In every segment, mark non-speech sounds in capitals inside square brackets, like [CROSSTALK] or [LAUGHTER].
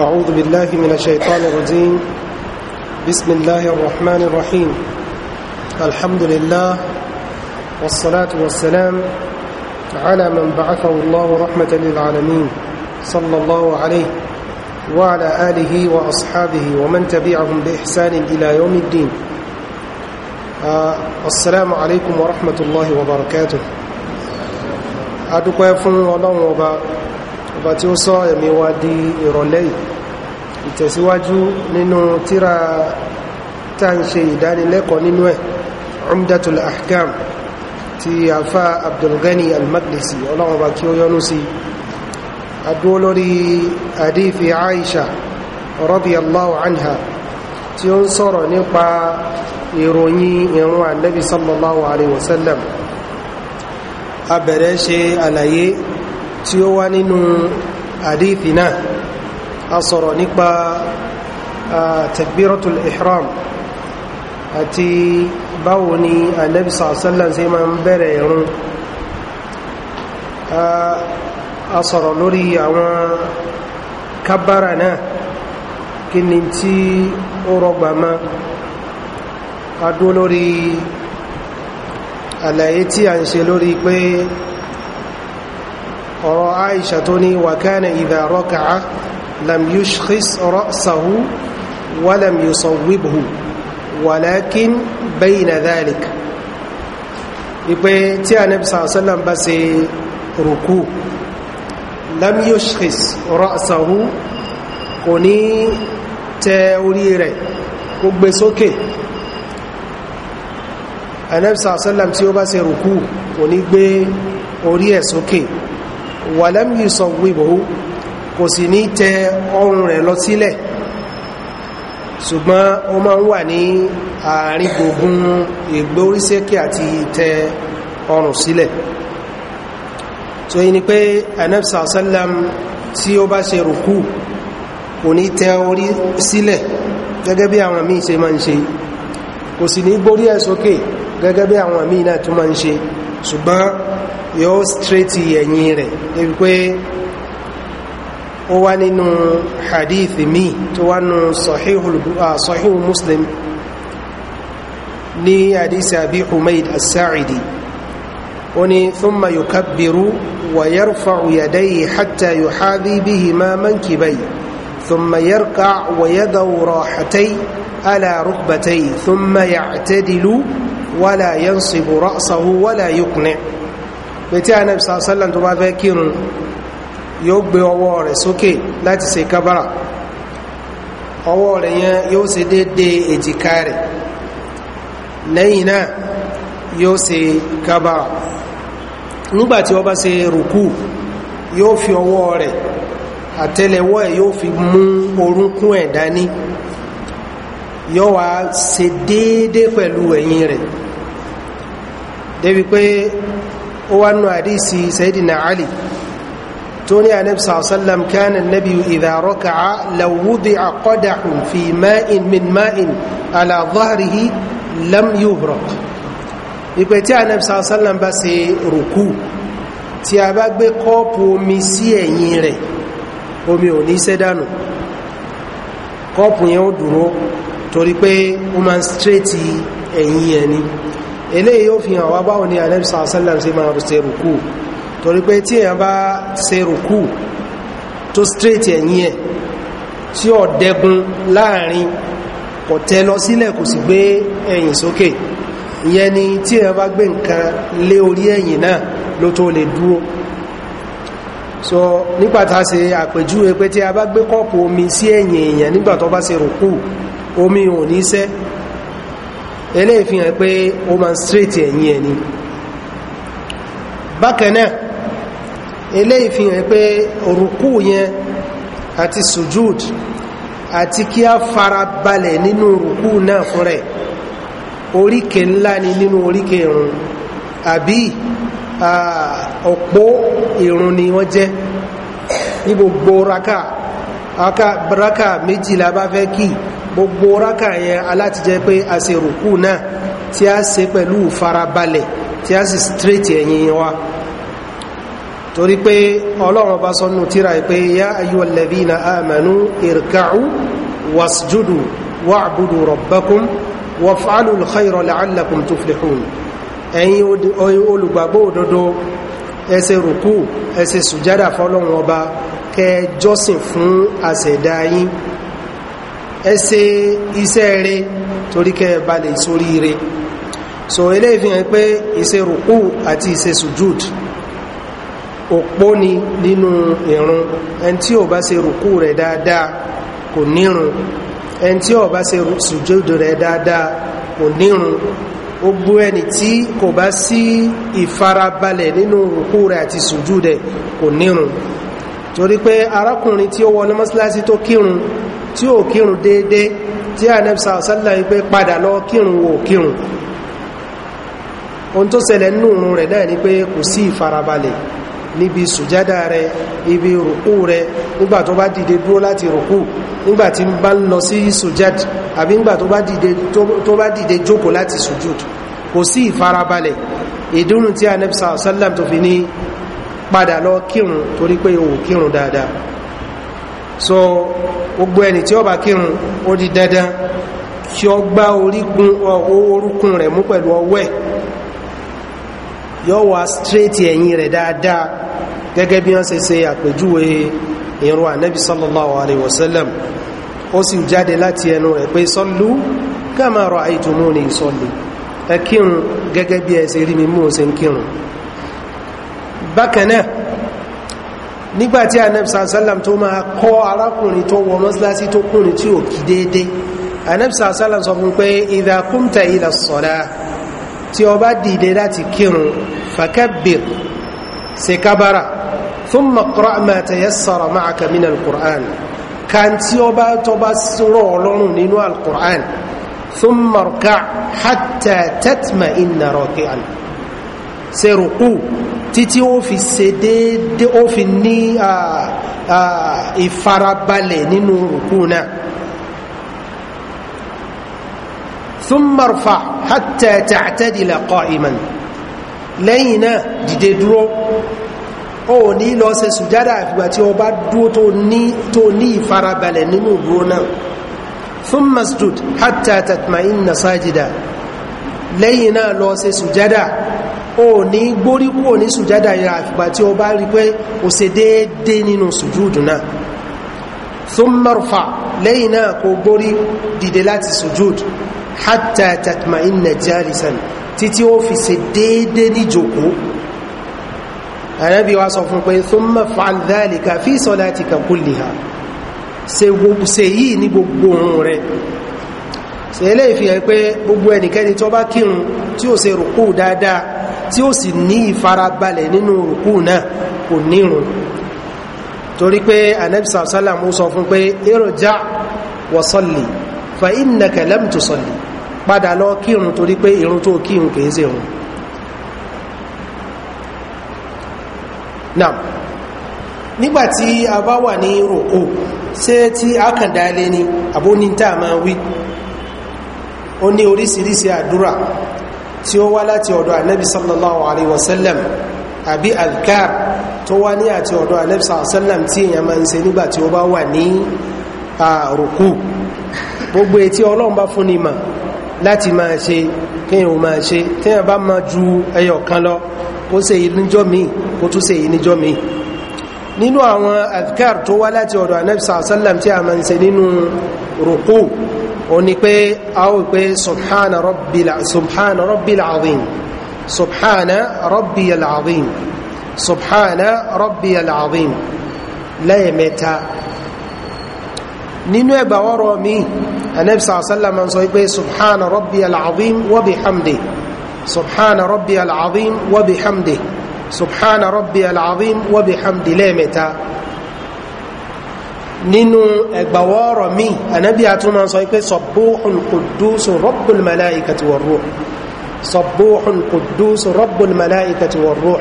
أعوذ بالله من الشيطان الرجيم بسم الله الرحمن الرحيم الحمد لله والصلاة والسلام على من بعثه الله رحمة للعالمين صلى الله عليه وعلى آله وأصحابه ومن تبعهم بإحسان إلى يوم الدين آه، السلام عليكم ورحمة الله وبركاته أدوك fún الله وبركاته ọba tí ó ìtẹ̀síwájú nínú tíra tá ń ṣe ìdánilẹ́kọ̀ọ́ nínú ẹ̀ umdatul ahkam ti alfa abdulgani al-maqdisi ọlọ́wọ́n bá kí ó yọ́nú sí adúró lórí àdífi aisha radiyallahu anha tí ó ń sọ̀rọ̀ nípa ìròyìn ìrun annabi sallallahu alaihi wasallam abẹ̀rẹ̀ ṣe àlàyé tí ó wá nínú àdífi náà a sọ̀rọ̀ nípa takbiratul ihram àti báwo ni anabi sàásánlán sí máa ń bẹ̀rẹ̀ ìrun a sọ̀rọ̀ lórí àwọn kábàrà náà kí ni tí ó rọgbà máa adó lórí àlàyé tí a ń ṣe lórí pé ọ̀rọ̀ Aisha tó ní wa kana لم يشخص رأسه ولم يصوبه ولكن بين ذلك ipe tí a nẹ́bí sàásánlám bá se rùkú lam yushkhis ra'sahu kò ní tẹ orí rẹ̀ kó gbé sókè a nẹ́bí sàásánlám tí ó bá se rùkú kò ní gbé orí ẹ̀ sókè wa lam yusawwibuhu kò sì ní tẹ ọrùn rẹ̀ lọ sílẹ̀ ṣùgbọ́n ó máa ń wà ní àárín gbogbo ìgbé oríṣẹ́kì àti tẹ ọrùn sílẹ̀ tó yí ni pé anabisa sallam tí ó bá ṣe rùkú kò ní tẹ orí sílẹ̀ gẹ́gẹ́ bí àwọn míì ṣe máa ń ṣe kò sì ní gbórí ẹ̀ sókè bí àwọn míì náà tó máa ń ṣe ṣùgbọ́n yóò straight ẹ̀yìn rẹ̀ débi pé ó wá nínú hadith mi tó wá nù sahihu ah, muslim ní hadith abi humaid as-sa'idi ó ní thumma yukabbiru wa yarfa'u yadayhi hatta yuhadhi bihima mankibayhi ثم يركع ويدعو راحتي على ركبتي ثم يعتدل ولا ينصب رأسه ولا يقنع بتاع النبي صلى الله عليه وسلم تبا فاكر yóò gbé ọwọ́ rẹ̀ sókè láti ṣe kábàrà ọwọ́ rẹ̀ yẹn yóò ṣe déédéé èjìká rẹ̀ lẹ́yìn náà yóò ṣe kábàrà nígbàtí ó bá ṣe rùkú yóò fi ọwọ́ rẹ̀ àtẹ́lẹwọ́ ẹ̀ yóò fi mú orúnkún ẹ̀ dání yóò wá ṣe déédéé pẹ̀lú ẹ̀yìn rẹ̀ débi pé ó wá nù àdísì Sayyidina Ali توني عن النبي صلى الله عليه وسلم كان النبي إذا ركع لو وضع قدح في ماء من ماء على ظهره لم يهرق ìpè tí ànábì sàlám bá ṣe rùkú tí a bá gbé kọ́ọ̀pù omi sí ẹ̀yìn rẹ̀ omi ò ní ṣẹ́ dànù kọ́ọ̀pù yẹn ó dúró torí pé ó máa ń straighti ẹ̀yìn yẹn ni eléyìí yóò fi hàn wá báwo ni ànábì sàlám ṣe máa ṣe rùkú torí pé tí èèyàn bá ṣe rùkú tó straight ẹ̀yìn ẹ̀ tí ó dẹ́gun láàrin kò tẹ́ lọ sílẹ̀ kò sì gbé ẹ̀yìn sókè ìyẹn ni tí èèyàn bá gbé nǹkan lé orí ẹ̀yìn náà ló tó lè dúró so nígbàtà ṣe àpèjúwe pé tí a bá gbé kọ́ọ̀pù omi sí ẹ̀yìn èèyàn nígbà tó bá ṣe rùkú omi ò ní sẹ́ eléyìí pé ó máa straight ẹ̀yìn ẹ̀ ni bákan náà eléyìí fi hàn pé òrùkú yẹn àti sujud àti kí a fara balẹ̀ nínú òrùkú náà fún rẹ̀ oríkè ńlá ni nínú oríkè ìrun àbí ọ̀pọ̀ ìrun ni wọ́n jẹ́ ní gbogbo raka raka méjìlá bá fẹ́ kí gbogbo raka yẹn alátijẹ́ pé a ṣe rùkú náà tí a ṣe pẹ̀lú farabalẹ̀ tí a sì straight ẹ̀yìn wa torí pé ọlọ́run bá sọ́nù tíra pé yá ayyuhal ladhina amanu irka'u wasjudu wa'budu rabbakum waf'alu al-khayra la'allakum tuflihun ẹ̀yin olùgbàgbọ́ òdodo ẹ ṣe rùkú ẹ ṣe sùjádà fọ́lọ́run ọba kẹ jọ́sìn fún àṣẹ̀dá yín ẹ ṣe iṣẹ́ òpó ni nínú ìrun ẹni tí ò bá ṣe rùkú rẹ̀ dáadáa kò nírun ẹni tí ò bá ṣe sùjúdù rẹ̀ dáadáa kò nírun gbogbo ẹni tí kò bá sí ìfarabalẹ̀ nínú rùkú rẹ̀ àti sùjúdù rẹ̀ kò nírun torí pé arákùnrin tí ó wọnú mọ́sálásí tó kírun tí ò kírun déédéé tí ànẹ́bísà ọ̀sálà wípé padà lọ kírun wò kírun ohun tó ṣẹlẹ̀ nínú rẹ̀ náà ni pé kò sí ìfarabalẹ̀ níbi sùjádà rẹ̀ ibi rùkú rẹ̀ nígbà tó bá dìde dúró láti rùkú nígbà tí ń bá ń lọ sí sùjád àbí nígbà tó bá dìde tó bá dìde jókòó láti sùjúd kò sí ìfarabalẹ̀ ìdúnnù tí anabi sallam tó fi ní padà lọ kírun torí pé o kírun dáadáa so gbogbo ẹni tí ó bá kírun ó di dandan kí ó gbá orúkún rẹ̀ mú pẹ̀lú ọwọ́ ẹ̀ yóò wá straight ẹ̀yìn rẹ̀ dáadáa gẹ́gẹ́ bí wọ́n ṣe ṣe àpèjúwe irun ànábì sallallahu alayhi wa sallam ó sì jáde láti ẹnu rẹ̀ pé sallu kama ra'aytumuni usalli ẹ kírun gẹ́gẹ́ bí ẹ ṣe rí mi mú ṣe ń kírun bákan náà nígbàtí ànábì sallallahu tó máa kọ́ arákùnrin tó wọ mọ́sálásí tó kùnrin tí ò kí déédéé ànábì sallallahu sọ fún pé idha qumta tí ó bá dìde láti kírun fakabbir ṣe kábára thumma qra' ma tayassara ma'aka min al-qur'an kan tí ó bá tó bá rọ̀ ọlọ́run nínú al-qur'an thumma rka' hatta tatma'inna raki'an ṣe rùkú títí ó fi ṣe déédé ó fi ní ìfarabalẹ̀ nínú rùkú náà thumma rfa hatta ta'tadila qa'iman lẹ́yìn náà dìde dúró ó ní lọ ṣe sùjádà àfìgbà tí o bá dúró tó ní ìfarabalẹ̀ nínú dúró náà thumma stud hatta tatma'inna sajida lẹ́yìn náà lọ ṣe sùjádà ó ní gbórí kúrò ní sùjádà yẹn àfìgbà tí o bá rí pé o ṣe déédéé nínú sùjúdù náà thumma rfa lẹ́yìn náà kò gbórí dìde láti sùjúdù hatta tatma'inna jalisan títí ó fi ṣe déédé ní jòkó ànábì wa sọ fún pé thumma fa'al dhalika fi salatika kulliha ṣe yìí ní gbogbo ohun rẹ̀ ṣe eléyìí fi hàn pé gbogbo ẹnikẹ́ni tó bá kírun tí ó ṣe rùkú dáadáa tí ó sì ní ìfarabalẹ̀ nínú rùkú náà kò nírun torí pé ànábì sallallahu sọ fún pé irja wa fa innaka lam tusalli padà lọ kírun torí pé irun tó kírun kìí ṣe òun náà nígbàtí a bá wà ní ròkó ṣé tí a kàn dálé ni àbó ní tá a máa wí ó ní oríṣiríṣi àdúrà tí ó wá láti ọ̀dọ̀ ànábì sallallahu alaihi wasallam àbí alkar tó wá ní àti ọ̀dọ̀ ànábì sallallahu alaihi wasallam tí èèyàn máa ń ṣe nígbà ó bá wà ní ròkó gbogbo etí ọlọ́run bá fún ni mà láti máa ṣe kéèyàn ò máa ṣe téèyàn bá máa ju ẹyọ kan lọ kó ṣe èyí níjọ́ míì kó tún ṣe èyí níjọ́ míì nínú àwọn adhkar tó wá láti ọ̀dọ̀ anabi sallam tí a máa ń ṣe nínú rùkú òun ni pé a ó pé subhana nínú ẹgbàwọ́rọ̀ míì anabi sallam sọ pé subhana rabbi al-azim wa bihamdi subhana rabbi al-azim wa bihamdi subhana rabbi al-azim wa bihamdi lẹ́ẹ̀mẹ́ta nínú ẹgbàwọ́rọ̀ mi anabi atúmọ̀ sọ pé sọ̀bùhùn kùdùsù rọ́bùl mẹ́láìkàtì wọ̀ rúù sọ̀bùhùn kùdùsù rọ́bùl mẹ́láìkàtì wọ̀ rúù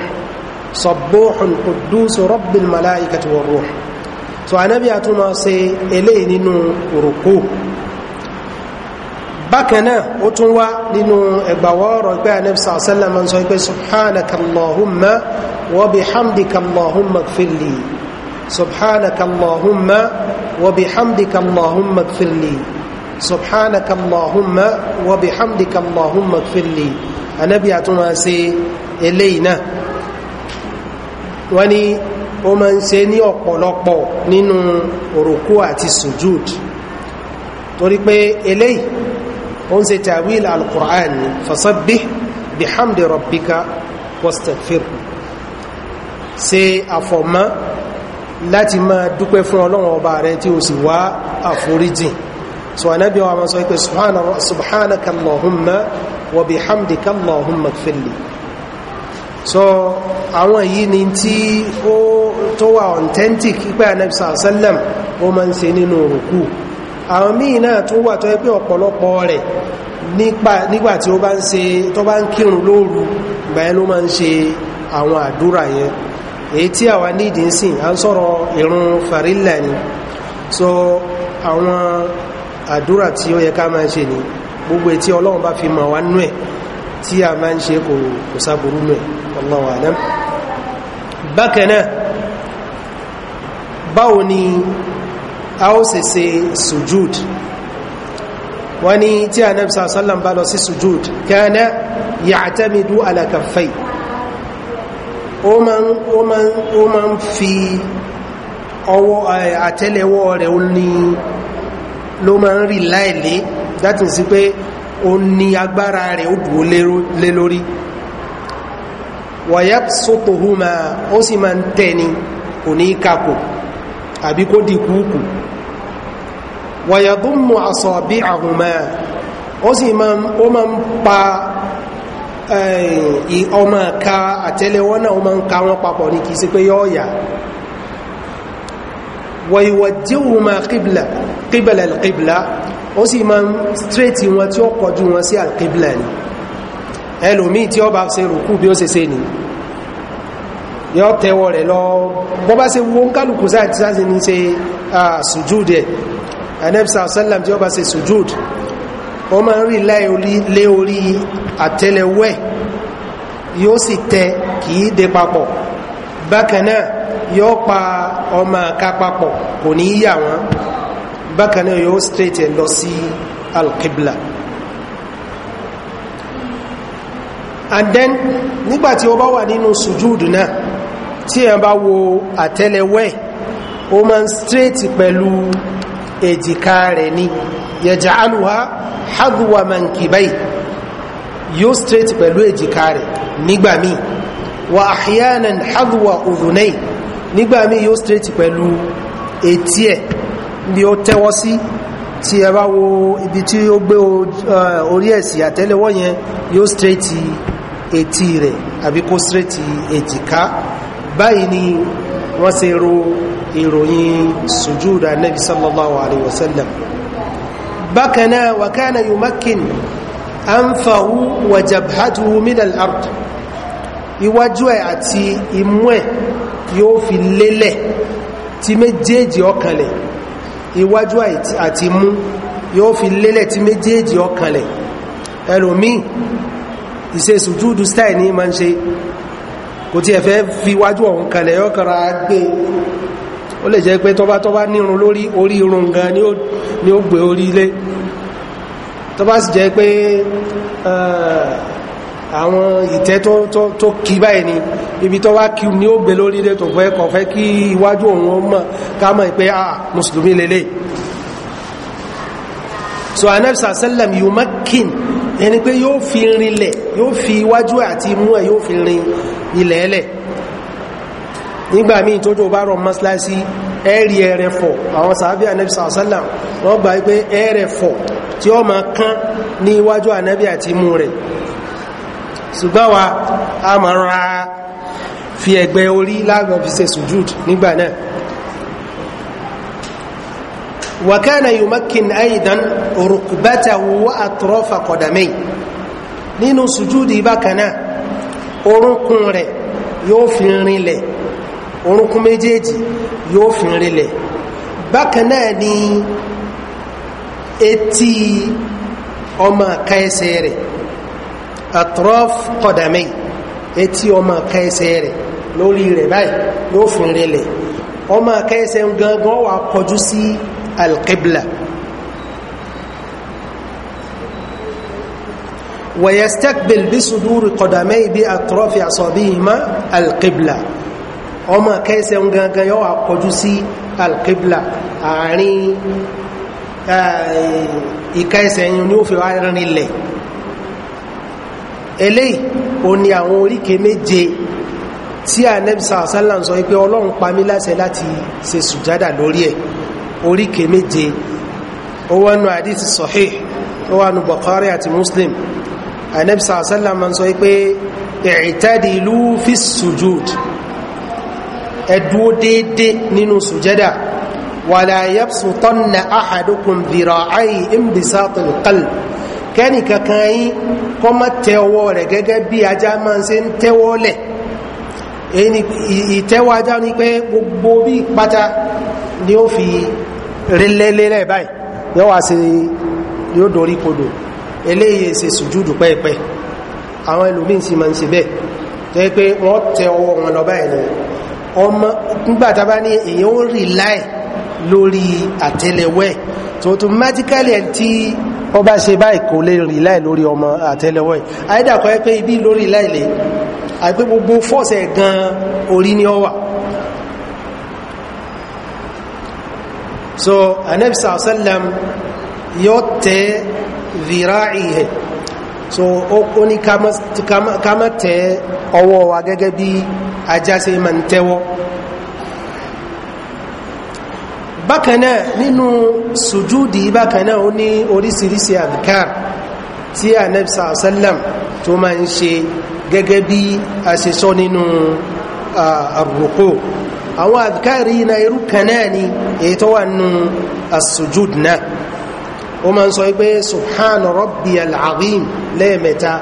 sọ̀bùhùn kùdùsù rọ́bùl mẹ́láìkàtì wọ̀ rúù so anabi atúmọ̀ sí eléyìí nínú rùkú bákan náà ó tún wá nínú ẹgbàwọ́rọ̀ pé anẹ́bísà ọ̀sẹ́lẹ̀ máa ń sọ pé subhanakallahumma wa bihamdikallahumma gfirli subhanakallahumma wa bihamdikallahumma gfirli subhanakallahumma wa bihamdikallahumma gfirli anẹ́bí àtúnwá ṣe eléyìí náà wọ́n ní ó máa ń ṣe ní ọ̀pọ̀lọpọ̀ nínú òrùkú àti sujud torí pé eléyìí ó ń ṣe tawil al-Qur'an ni fasabbih bihamdi rabbika wastaghfir ṣe àfọ̀mọ́ láti máa dúpẹ́ fún ọlọ́run ọba rẹ tí ó sì wá àforíjìn so anábí wa sọ pé subhanaka allahumma wa bihamdika allahumma ighfirli so àwọn yìí ni tí ó tó wà authentic pípẹ́ anábí sallam ó máa ń ṣe nínú rùkú àwọn míì náà tún wà tó ẹ pé ọ̀pọ̀lọpọ̀ rẹ̀ nígbà ó bá ń ṣe tó bá ń kírun lóru ìgbà ló máa ń ṣe àwọn àdúrà yẹn èyí tí àwa nídìí ń sìn à ń sọ̀rọ̀ ìrun farilla ni so àwọn àdúrà tí ó yẹ ká máa ṣe ni gbogbo etí ọlọ́run bá fi mọ̀ wá nú ẹ̀ tí a máa ń ṣe kò sáburú nú ẹ̀ Allahu náà a ó sì ṣe sujud wọ́n ní tí anabi sallam bá lọ sí sujud kana ya'tamidu ala kaffay ó máa ń ó máa ń ó máa ń fi ọwọ́ àtẹ́lẹwọ́ rẹ̀ ó ní ló máa ń rí láìlé that is pé ó ní agbára rẹ̀ ó dùn lé lórí wa yabsutuhuma ó sì máa ń tẹ́ kò ní kàkò àbí kó di kúùkù wàyàdúnmù àsọ̀bí àhùnmá ó sì máa ń pa eh, ọmọ ka àtẹ́lẹwọ́ náà ó máa ń ka wọn papọ̀ ní kìí sí pé yọ́ ọ̀yà wàyíwàdíhùnmá kíbẹ̀lẹ̀ kíbẹ̀lá ó sì máa ń straight wọn tí ó kọjú wọn sí alkíbẹ̀lẹ̀ ni ẹlòmíì tí ó bá ṣe rùkú bí ó ṣe ṣe ni yọ́ tẹ́wọ́ rẹ̀ lọ bọ́ ṣe wo ń sáà ti sáà ti ní ṣe ah, sùjúdẹ̀ anẹ́bísà sálàm tí ó bá se sujud ó máa ń rí lé orí àtẹ́lẹwẹ́ yóò sì tẹ kìí dé papọ̀ bákan náà yóò pa ọmọ àká papọ̀ kò ní yà wọ́n bákan yóò straight lọ sí alqibla and then nígbàtí ó bá wà nínú sujud náà tí ẹ bá wo àtẹ́lẹwẹ́ ó máa ń straight pẹ̀lú èjìká rẹ̀ ni yaj'aluha hadwa mankibai yóò straight pẹ̀lú èjìká rẹ̀ nígbà míì wa ahyanan hadwa udhunai nígbà míì yóò straight pẹ̀lú etí ẹ̀ bí ó tẹ́wọ́ sí tí ẹ bá wo ibi tí ó gbé eh, orí ẹ̀sì àtẹ́lẹwọ́ yẹn yóò straight etí rẹ̀ àbí straight èjìká báyìí ni wọ́n ṣe ro ìròyìn sùjúdà nabi sallallahu alayhi wa sallam bákanáà wa kana yumakkin anfahu wa jabhatuhu min al-ard iwájú ẹ̀ àti imú ẹ̀ yóò fi lélẹ̀ tí méjèèjì ọkànlẹ̀ iwájú àti imú yóò fi lélẹ̀ tí méjèèjì ọkànlẹ̀ ẹlòmíì ìṣe sùjúdù ní ma ń ṣe kò tí ẹ fẹ́ fi wájú ọ̀hún kalẹ̀ yọ kara gbé ó lè jẹ́ pé tọ́ba tọ́ba nírun lórí orí irun gan ni ó gbé orí lé tọ́ba sì jẹ́ pé àwọn ìtẹ́ tó kí báyìí ni ibi tọ́ba kí ni ó gbé lórí lé tó fẹ́ kọ̀ fẹ́ kí iwájú ọ̀hún ó mọ̀ ká mọ̀ pé ah mùsùlùmí lélẹ̀ so anabisa sallam yumakin ẹni pé yóò fi rinlẹ̀ yóò fi iwájú àti imú ẹ̀ yóò fi rin ilẹ̀ ẹlẹ̀ nígbà míì tójò bá rọ mọ́síláṣí ẹ̀rì ẹ̀rẹ̀ fọ̀ àwọn sàábí ànábì sàásálàm wọ́n gbà wípé ẹ̀rẹ̀ fọ̀ tí ó máa kán ní iwájú ànábì àti imú rẹ̀ ṣùgbọ́n a máa ra fi ẹ̀gbẹ́ orí láàrín fi sùjúd nígbà náà وكان يمكن أيضا ركبته وأطراف قدميه nínú sùjúdì bákanáà orunkun rẹ̀ yóò fi rinlẹ̀ orunkun méjèèjì yóò fi rinlẹ̀ bákan náà ni etí ọmọ àka ẹsẹ̀ rẹ̀ atrof kọ̀dàmẹ́ etí ọmọ àka ẹsẹ̀ rẹ̀ lórí rẹ̀ báyìí yóò fi rinlẹ̀ ọmọ àka ẹsẹ̀ gangan wà kọjú sí alqibla. ويستقبل بصدور قدميه بأطراف أصابعهما القبلة ọmọ kẹsẹ̀ ń gangan yọ́ àkọjú sí alqibla àárín ìkẹsẹ̀ yìí ni ó fi wá rìn ilẹ̀ eléyìí o ni àwọn oríkè méje tí anẹ́bisa àsálà ń sọ pé ọlọ́run pa mí láṣẹ láti ṣe sùjádà lórí ẹ̀ oríkè méje ó wọ́n àdìsí sọ̀hí ó wọ́n nu Bukhari àti Muslim anabisa asala ma sọ pé i'tadilu fi sujud ẹ dúró déédé nínú sujada wàlá yabsutanna ahadukum dhira'ayhi imbisatil qalb kẹ́nì kankan yín kọ́ má tẹ ọwọ́ rẹ̀ gẹ́gẹ́ bí ajá máa ń ṣe ń tẹ́wọ́ lẹ̀ ìtẹ́wọ́ ajá ní pé gbogbo bí pátá ni ó fi rí lẹ́lẹ́lẹ́ báyìí yọ́wà sí yóò dorí kodò eléyìí ṣe sùjúdù pẹ́ẹ̀pẹ́ àwọn ẹlòmíín sì máa ń ṣe bẹ́ẹ̀ tó yẹ pé wọ́n tẹ ọwọ́ wọn lọ báyìí ni ọmọ nígbà bá ní èèyàn ó rì láì lórí àtẹ́lẹwẹ́ tó tó mátíkálì tí wọ́n bá ṣe báyìí kò lè rì láì lórí ọmọ àtẹ́lẹwẹ́ àyídàkọ́ yẹ pé ibi lórí láì lè àìpé gbogbo fọ́ọ̀sẹ̀ gan orí ni ọ wà so anabi sallam yóò tẹ zira'i है so ó ní ká má tẹ ọwọ́ wa gẹ́gẹ́ bí ajá ṣe máa ń tẹ́wọ́ bákanáà nínú sùjúdì bákanáà ó ní oríṣiríṣi adhkar tí Ànábì sallam tó máa ń ṣe gẹ́gẹ́ bí a ṣe sọ nínú na irú kanáà ni èyí as-sujud ó máa ń sọ pé subhana rabbi al-azim lẹ́ẹ̀mẹ́ta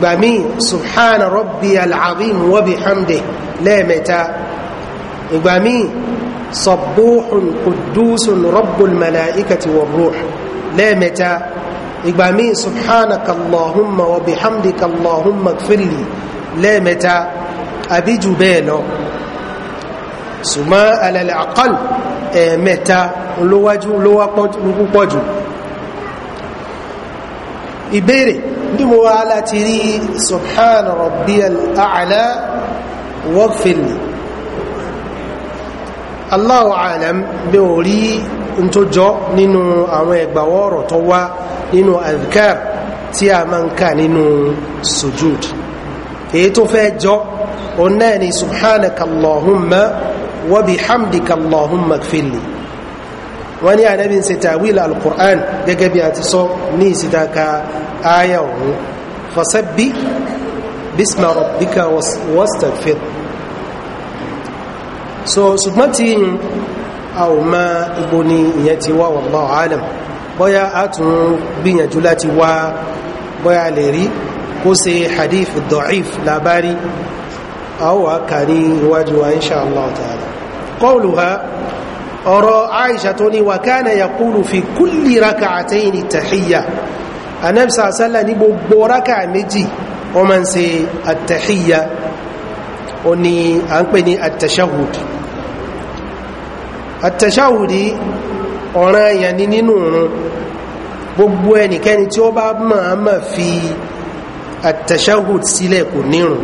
gbàmí subhana rabbi al-azim wa bihamdih lẹ́ẹ̀mẹ́ta ìgbàmí sabbuhun qudusun rabbul malaikati war ruh lẹ́ẹ̀mẹ́ta ìgbàmí subhanaka allahumma wa bihamdika allahumma ighfirli lẹ́ẹ̀mẹ́ta àbí jù olówájú olówá púpọ̀ jù ìbéèrè bí mo wá láti rí subhana rabbiyal a'la waqfilni Allahu a'lam bí o rí n tó jọ nínú àwọn ẹgbàwọ́ ọ̀rọ̀ tó wá nínú adhkar tí a máa ń kà nínú sujud èyí tó fẹ́ jọ òun náà ni subhanakallahumma wa bihamdikallahumma ighfirli wọ́n ní ànábì ń ṣe tàwílà alukur'an gẹ́gẹ́ bí a ti sọ ní ìsìdáka ayà òun fasabbih bisma rabbika wastaghfir so ṣùgbọ́n tí a ò mọ ibo ni ìyẹn ti wá wallahu alam bóyá a tún gbìyànjú láti wá bóyá lè rí kó ṣe hadith da'if labari a ó wà kà iwájú wa insha Allah ta'ala qawluha ọ̀rọ̀ aisha tó ní wàkánà yaqulu fi kulli rak'atayn tahiyya anẹ́bisa sálà ní gbogbo rákà méjì wọ́n máa ń ṣe àtàhíyà ó ní à ń pè ní àtàṣáhùdì àtàṣáhùdì ọ̀ràn èèyàn ní nínú òun gbogbo ẹnikẹ́ni tí ó bá máa ma fi àtàṣáhùd sílẹ̀ kò nírun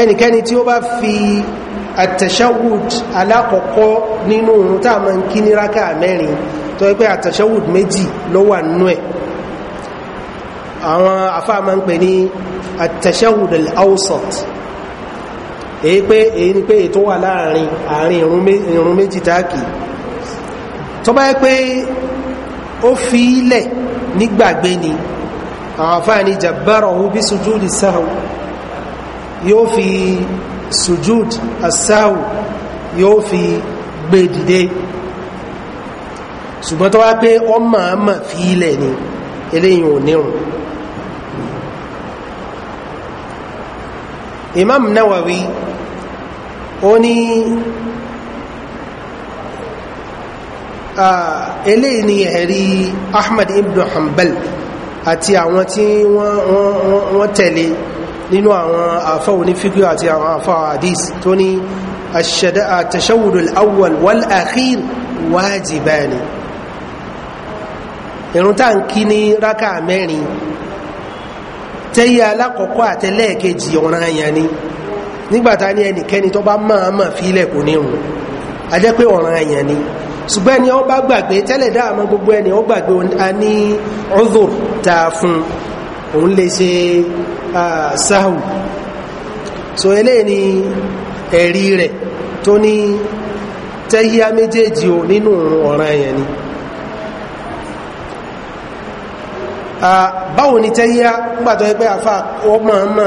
ẹnikẹ́ni tí ó bá fi àtẹ̀ṣẹ́wùd alákọ̀ọ́kọ́ nínú òun tá a máa ń kí ní rákà mẹ́rin tó yẹ pé àtẹ̀ṣẹ́wùd méjì ló wà nínú ẹ̀ àwọn afá máa ń pè ní àtẹ̀ṣẹ́wùd al-awsat èyí pé èyí ni pé ètò wà láàrin àárín ìrun méjì táàkì tó bá yẹ pé ó fi ilẹ̀ nígbàgbé ni àwọn afá ni jàbárọ̀ òun bí sujúdì sáà yóò fi sujud asáwù yóò fi gbé dìde ṣùgbọ́n tó wá pé wọ́n máa mà fi ilẹ̀ ni eléyìí ò nírun imam nawawi ó ní ah, eléyìí ni ẹ̀rí ahmad ibn hanbal àti àwọn tí wọ́n tẹ̀lé nínú àwọn àfá onífíkíò àti àwọn àfá hadith tó ní àtẹ̀ṣẹ́wùdù awwal wal akhir wajibani ìrun tá ń kí ní rákà mẹ́rin tẹ́yẹ alákọ̀ọ́kọ́ àtẹlẹ́ẹ̀kejì ọ̀ràn yẹn ni nígbàtá ní ẹnikẹ́ni tó bá máa máa fílẹ̀ kò ní rùn a jẹ́ pé ọ̀ràn yẹn ni gbàgbé tẹ́lẹ̀ dáàmọ́ gbogbo ẹni ó gbàgbé a ní uzur tá òun lè ṣe sáhù so eléyìí ni ẹ̀rí rẹ̀ tó ní tẹ́yíá méjèèjì o nínú ọ̀ràn ẹ̀yẹn ni báwo ni tẹ́yíá gbàtọ́ ẹgbẹ́ àfà ọmọ ọmọ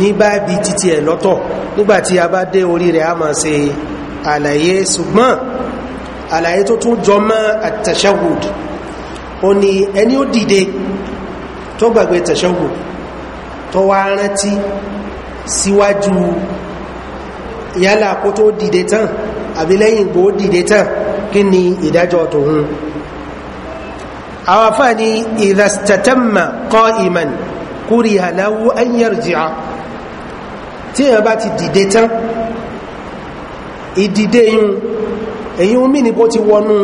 ní bá bí títí ẹ̀ lọ́tọ̀ nígbàtí a bá dé orí rẹ̀ a máa ṣe àlàyé ṣùgbọ́n àlàyé tó tún jọ mọ́ àtẹ̀ṣẹ́wòd ó ní ẹni ó dìde tó gbàgbé tẹ̀ṣẹ́wòd tó wá rántí síwájú yálà kó tó dìde tán àbí lẹ́yìn gbò dìde tán kí ni ìdájọ́ tòun àwọn afáàní ìdàstàtàmà kọ́ ìmàn kúrì àláwó ẹ̀yẹ̀rìjìá tí èèyàn bá ti dìde tán ìdìde yun èyí omi ni bó ti wọnú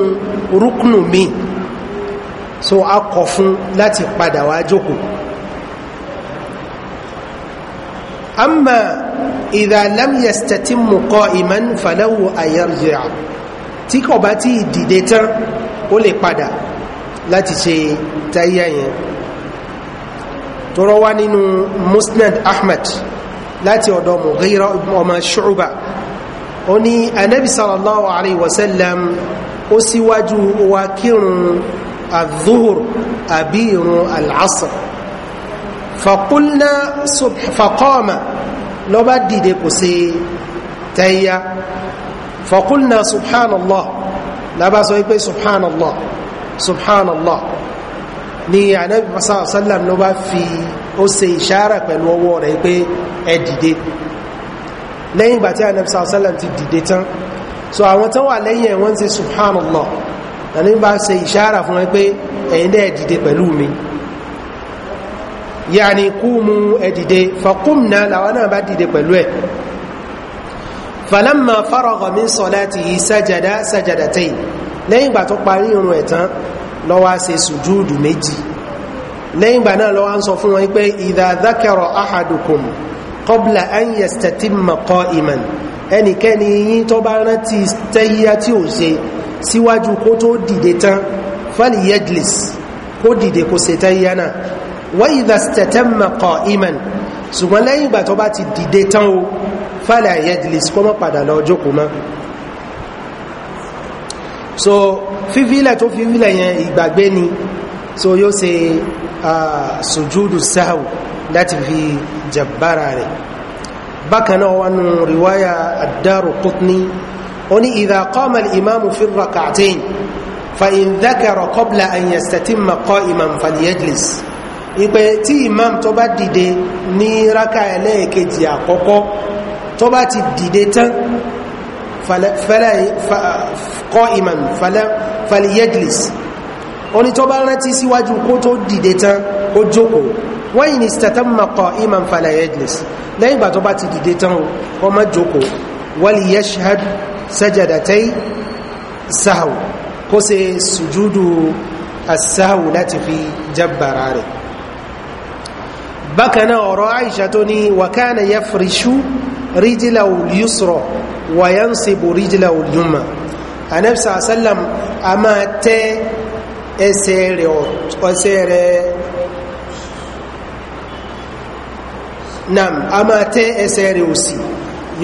rúkùnù mi so a kọ̀ fún láti padà wá jókòó أما إذا لم يستتم قائما فله أن يرجع tí kò bá ti dìde tán ó lè padà láti ṣe táyà yẹn tọrọ wá nínú musnad ahmed láti ọ̀dọ̀ mughira ọmọ ṣùgbà ó ní anabi sallallahu alayhi wa sallam ó síwájú wa kírun adúhùr àbí irun al-asr al fàkúnná fàkọ́ọ̀mà lọ́ba dìde kò ṣe tẹ́yà fàkúnná subhanallah lábá sọ pé subhanallah subhanallah ni anabi musa sallam ló bá fi ó ṣe ìṣára pẹ̀lú ọwọ́ rẹ̀ pé ẹ dìde lẹ́yìn ìgbà tí anabi sallam ti dìde tán so àwọn tán wà lẹ́yìn ẹ̀ wọ́n ṣe subhanallah bá ṣe ìṣára fún ẹ pé ẹ̀yin dẹ́ dìde pẹ̀lú mi yàní kúmù ẹ̀dìde fọkúmnà làwọn náà bá dìde pẹ̀lú ẹ̀ falamma faragha min salatihi sajada sajadatayn lẹ́yìn ìgbà tó parí irun ẹ̀ tán ló wá ṣe sùjúùdù méjì lẹ́yìn ìgbà náà ló wá ń sọ fún wọn pé idha dhakara ahadukum qabla an yastatimma qa'iman ẹnikẹ́ni wa idha istatamma qa'iman ṣùgbọ́n lẹ́yìn ìgbà tó bá ti dìde tán o fala yajlis kó padà lọ jókòó mọ́ so fífílẹ̀ tó fífílẹ̀ yẹn ìgbàgbé ni so yóò ṣe sùjúdù sáhù láti fi jàbára rẹ̀ bákan náà wọn nù riwaya ad-Daraqutni ó ní idha qama al-imamu fi rak'atayn fa in dhakara qabla an yastatimma qa'iman ìpè tí imam tó bá dìde ní raka ẹlẹ́ẹ̀kejì àkọ́kọ́ tó bá ti dìde tán kọ́ imam faliyeglis oní tó bá rántí síwájú kó tó dìde tán ó jókòó wọ́n yìí ni statamma kọ́ imam faliyeglis lẹ́yìn ìgbà tó bá ti dìde tán ó má jókòó wali yashhad sajadatai sahu kó ṣe sùjúdù asahu láti fi jabbara rẹ̀ bákaná ọ̀rọ̀ àìṣà tó ní wàkánà ya fìrìṣú ríjìlá olùyúsọ̀rọ̀ wà yá ń se bò ríjìlá olùyúnmà anẹ́bsà sálàm a máa tẹ́ ẹsẹ̀ rẹ̀ nam a máa tẹ́ ẹsẹ̀ rẹ̀ òsì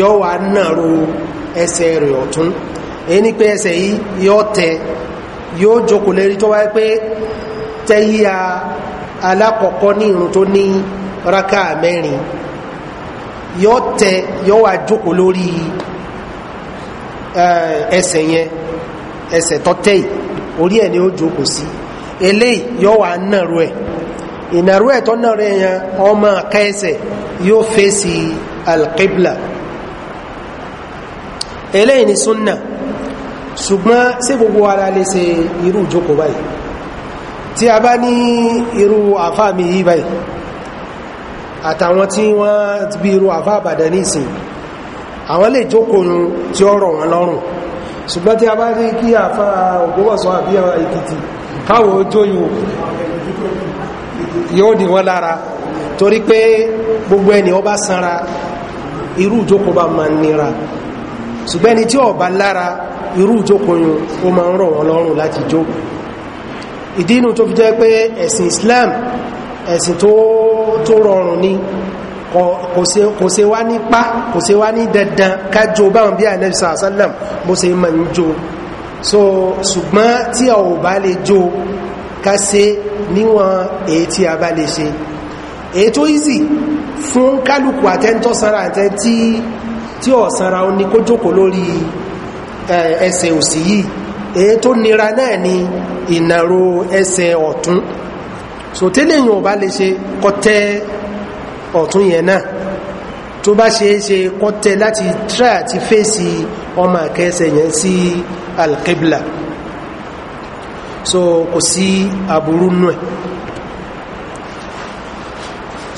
yọ wà nàró ẹsẹ̀ rẹ̀ ọ̀tún èyí pé ẹsẹ̀ yìí yọ tẹ yóò jókòó lérí tó wáyé pé tẹ́yíya alákọ̀ọ́kọ́ ní irun tó ní raka mẹ́rin yọ tẹ yọ wà jókòó lórí eh, ẹsẹ̀ yẹn ẹsẹ̀ tọ́tẹ́ yìí orí ẹ̀ ni ó jókòó sí eléyìí yọ wà nàró ẹ̀ ìnàró ẹ̀ tó nàró ẹ̀ yẹn ọmọ kẹsẹ̀ yóò fèsì alqibla eléyìí ni sunna ṣùgbọ́n sí gbogbo ara lè ṣe irú ìjókòó báyìí tí a bá ní irú àfáàmì yìí báyìí àtàwọn tí wọ́n bí irú àfáàbàdàn nísìn àwọn lè jókòó tí ó rọ̀ wọn lọ́rùn ṣùgbọ́n tí a bá rí kí àfá Ògbómọ̀ṣọ́ àbí Èkìtì káwọ̀ ojóyò yóò ní wọ́n lára torí pé gbogbo ẹni ọba sanra irú ìjókòó bá ma nira ṣùgbọ́n tí ọba lára irú ìjókòó yìí ó ma ń rọ̀ wọn lọ́rùn láti jókòó ìdínú tó fi jẹ́ pé ẹ̀sìn Islam ẹ̀sìn tó rọrùn ni kò ṣe wá ní pá kò ṣe wá ní dandan kájò báwọn bí Ànábì sàásálàm bó ṣe mọ̀ ń jo so ṣùgbọ́n tí a ò bá lè jo ká ṣe níwọ̀n èyí tí a bá lè ṣe èyí tó easy fún kálukú àtẹ́ntọ́ sára àtẹ́ tí ọ̀sára ó ní kó jókòó lórí ẹsẹ̀ òsì yìí èyí tó nira náà ni ìnàró ẹsẹ̀ ọ̀tún so tẹ́lẹ̀ yìí ò bá lè ṣe kọ́tẹ́ ọ̀tún yẹn náà tó bá ṣe é ṣe kọ́tẹ́ láti try àti fèsì ọmọ àkẹsẹ̀ yẹn sí alqibla so kò sí aburú nù ẹ̀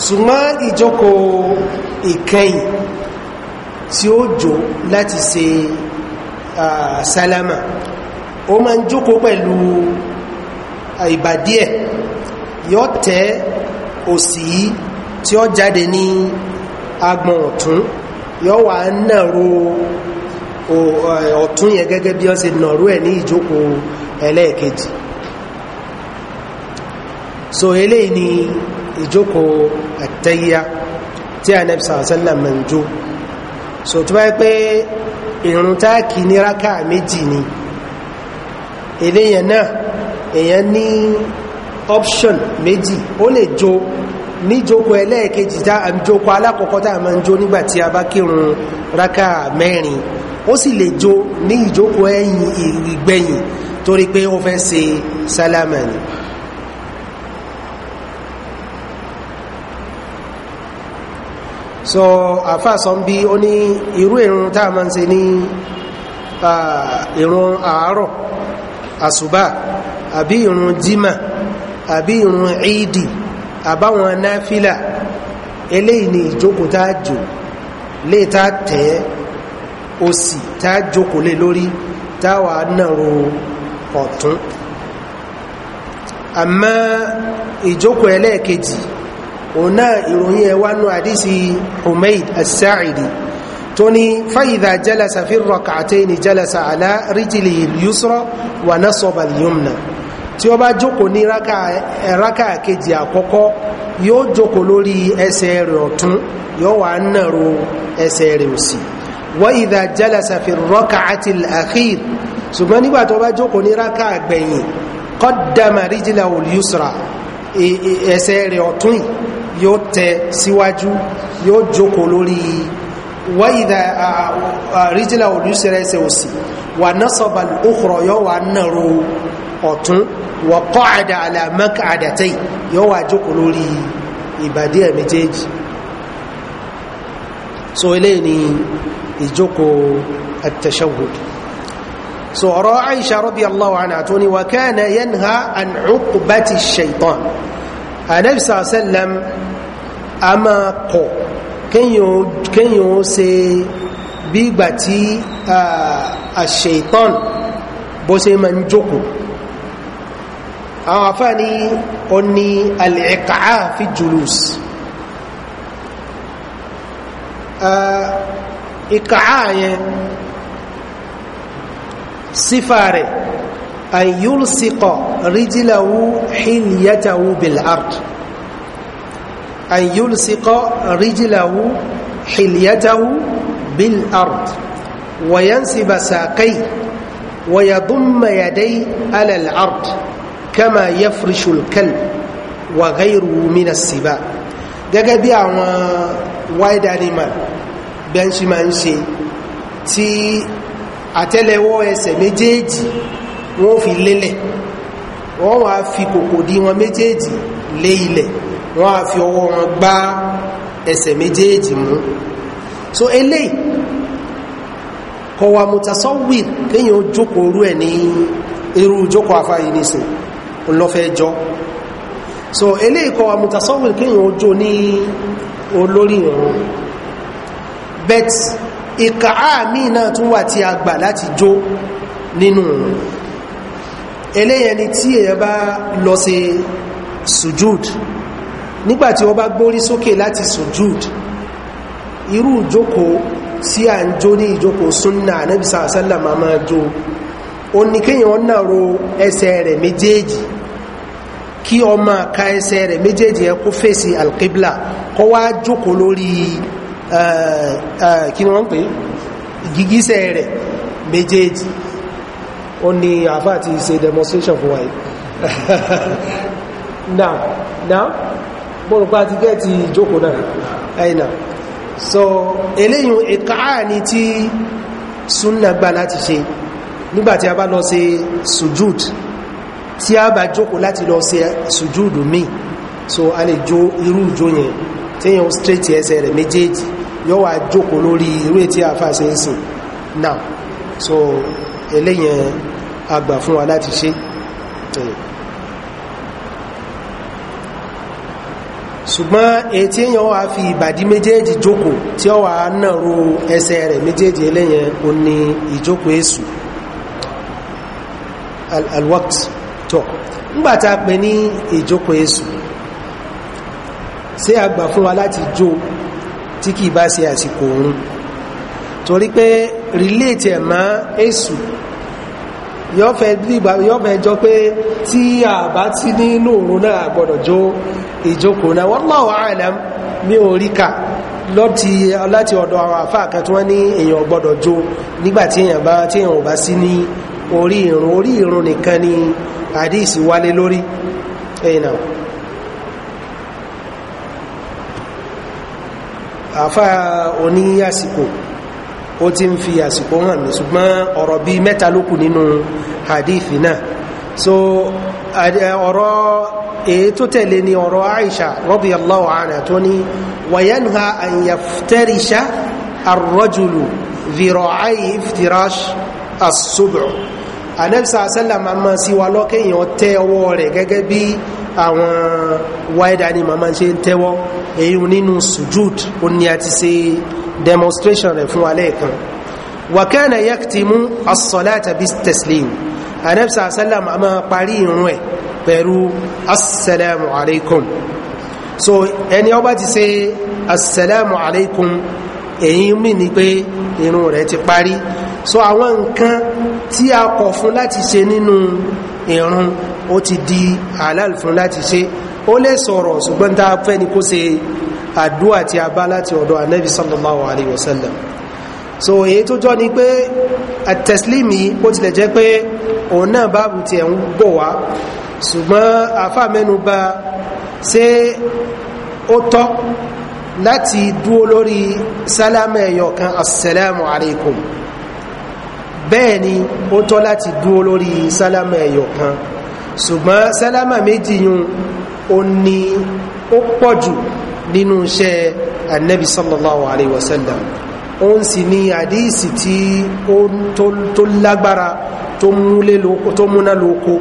ṣùgbọ́n ìjókòó ìkẹyìn tí ó jò láti ṣe sálámà ó máa ń jókòó pẹ̀lú ìbàdí ẹ̀ yọ tẹ́ òsì yìí tí ó jáde ní agbọ̀n ọ̀tún yọ wà nàró ọ̀tún yẹn gẹ́gẹ́ bí ó ṣe nàró ẹ̀ ní ìjókòó ẹlẹ́ẹ̀kejì so eléyìí ni ìjókòó àtẹ́yíyá tí a nẹ́bí sàásẹ́lẹ̀ mẹ́jọ so tó báyìí pé ìrun táàkì ní rákà méjì ni eléyẹn náà èyàn ní option méjì ó lè jó ní jókòó ẹlẹ́ẹ̀kejì tá àmì jókòó alákọ̀ọ́kọ́ tá a máa ń jó nígbà tí a bá kírun rákà mẹ́rin ó sì lè jó ní ìjókòó ẹ̀yìn ìgbẹ̀yìn torí pé ó fẹ́ ṣe sálámà so àfa sọ́nbí ó ní irú ìrun tá a máa ń ṣe ní ìrun àárọ̀ àṣùbà àbí irun jímà àbí irun ìdì àbáwọn náfìlà eléyìí ni ìjókòó tá a jò lè tá a tẹ̀ òsì tá a jókòó lé lórí táwa náà ro ọ̀tún àmọ́ ìjókòó ẹlẹ́ẹ̀kejì òun náà ìròyìn ẹwà nù àdísì Humaid as-Sa'idi. as as توني فإذا جلس في الركعتين جلس على رجله اليسرى ونصب اليمنى tí ó bá jókòó ní eh, rákà kejì àkọ́kọ́ yóò jókòó lórí ẹsẹ̀ rẹ̀ ọ̀tún yóò wá nàró ẹsẹ̀ rẹ̀ òsì wa idha jalasa fi raka'ati al-akhir ṣùgbọ́n nígbà tó bá jókòó ní rákà gbẹ̀yìn qaddama wáyìdá ríjìlá olùsẹ̀rẹ̀ ẹsẹ̀ òsì wà násọ̀bà òkùrọ̀ yóò wà nàró ọ̀tún wà kọ́ àdà àlàmọ́kà àdàtẹ́ yóò wà jókòó lórí ìbàdí ẹ̀ méjèèjì so eléyìí ni ìjókòó at-tashahhud so ọ̀rọ̀ Aisha radiyallahu anha kéyàn ó ṣe bí ìgbà tí àṣẹ̀tàn bó ṣe máa ń jókòó àwọn afáàní ó ní alẹ́kàá fi julus ìkàá yẹn sífà rẹ̀ an yulsiqa rijlahu hilyatahu bil an yulsiqa rijlahu hilyatahu bil ard wa yansiba saqai wa yadumma yadai ala al ard kama yafrishu al kalb wa ghayruhu min as siba gẹ́gẹ́ bí àwọn wide animal bench man ṣe tí àtẹ́lẹwọ́ ẹsẹ̀ méjèèjì wọ́n fi lélẹ̀ wọ́n wá fi kòkòdí wọn méjèèjì lé ilẹ̀ wọ́n á fi ọwọ́ wọn gbá ẹsẹ̀ méjèèjì mú so eléyìí kọwa mutasawwir kéèyàn ó jókòó orú ẹ̀ ní irú jókòó afáyí nísìn olọ́fẹ́ jọ so eléyìí kọwa mutasawwir kéèyàn ó jó ní olórí ìrun bet ìkà àmì náà tún wà tí a gbà láti jó nínú ìrun eléyìí ẹni tí èèyàn bá lọ sí sujud nígbàtí ó bá gbórí sókè láti sujud irú ìjókòó sí à ń jó ní ìjókòó súnà ànábì sàásálà máa máa jó ó ní kéèyàn náà ro ẹsẹ̀ rẹ̀ méjèèjì kí ọmọ ka ẹsẹ̀ rẹ̀ méjèèjì yẹn kó fèsì alqibla kó wá jókòó lórí kí wọ́n pè gígísẹ̀ rẹ̀ méjèèjì ó ní àfáà ti ṣe demonstration fún wa yìí [LAUGHS] now now bọ́rùpá ti gẹ́ ti jókòó náà ẹ̀nà so eléyìn ìkáà ni tí súnnà gbà láti ṣe nígbàtí a bá lọ ṣe sujúd tí a bá jókòó láti lọ ṣe sujúd mi so a lè jó irú ìjó yẹn téèyàn ó straight ẹsẹ̀ rẹ̀ méjèèjì yóò wá jókòó lórí irú ètí àfáà ṣe ń sìn náà so eléyìn agbà fún wa ṣùgbọ́n ètí èyàn wà fi ìbàdí méjèèjì jókòó tí ó wà nàró ẹsẹ̀ rẹ̀ méjèèjì eléyẹn ó ní ìjókòó èṣù alwakt tó ńgbàtà pé ní ìjókòó èṣù ṣé àgbà fún wa láti jó tí kìí bá ṣe àsìkò òun torí pé relate ẹ̀ mọ́ yọ́ fẹ́ dìgbà yọ́ fẹ́ jọ pé tí a bá ti nínú òun náà gbọ́dọ̀ jó ìjókòó náà wallahu a'lam mi ò rí kà lọ́ti láti ọ̀dọ̀ àwọn àfáà kan tí wọ́n ní èèyàn gbọ́dọ̀ jó nígbà tí èèyàn bá tí èèyàn bá sí ní orí ìrun orí ìrun nìkan ni àdíìsì wálé lórí ẹ̀yìn oníyàsìkò ó ti ń fi àsìkò hàn mí ṣùgbọ́n ọ̀rọ̀ bíi mẹ́ta ló kù nínú hadith náà so ọ̀rọ̀ èyí tó tẹ̀lé ni ọ̀rọ̀ Aisha radiyallahu anha tó ní wa yanha an yaftarisha ar-rajulu dhira'i anẹ́bísà sẹ́là máa ma sí wa lọ́kẹ́yìn tẹ́ rẹ̀ gẹ́gẹ́ bí àwọn wáìdá ni màmá ṣe tẹ́wọ́ èyí nínú sujud ó ní a ti ṣe demonstration rẹ̀ fún wa lẹ́ẹ̀kan wa kana yaktimu as-salata bis-taslim anabisa asalam a máa parí irun ẹ̀ pẹ̀lú assalamu alaikum so ẹni ó bá ti ṣe assalamu alaikum èyí mì ní pé irun rẹ̀ ti parí so àwọn nǹkan tí a kọ̀ fún láti ṣe nínú irun ó ti di halal fún láti ṣe ó lè sọ̀rọ̀ ṣùgbọ́n tá a fẹ́ ni kó ṣe àdúà tí a bá láti ọ̀dọ̀ anabi sallallahu alayhi wa sallam so èyí tó jọ ni pé àtẹ̀sílímì ó tilẹ̀ jẹ́ pé òun náà báàbù tiẹ̀ ń bọ̀ wá ṣùgbọ́n àfà mẹ́nu bà ṣé ó tọ́ láti dúó lórí sálámà ẹ̀yọ̀ kan assalamu alaikum bẹ́ẹ̀ ni ó tọ́ láti dúó lórí sálámà ẹ̀yọ̀ kan ṣùgbọ́n sálámà méjì yun ó ní ó pọ̀ nínú iṣẹ́ anabi sallallahu alayhi wa sallam ó ń sì ní àdíìsì tí ó tó lágbára tó múná lóko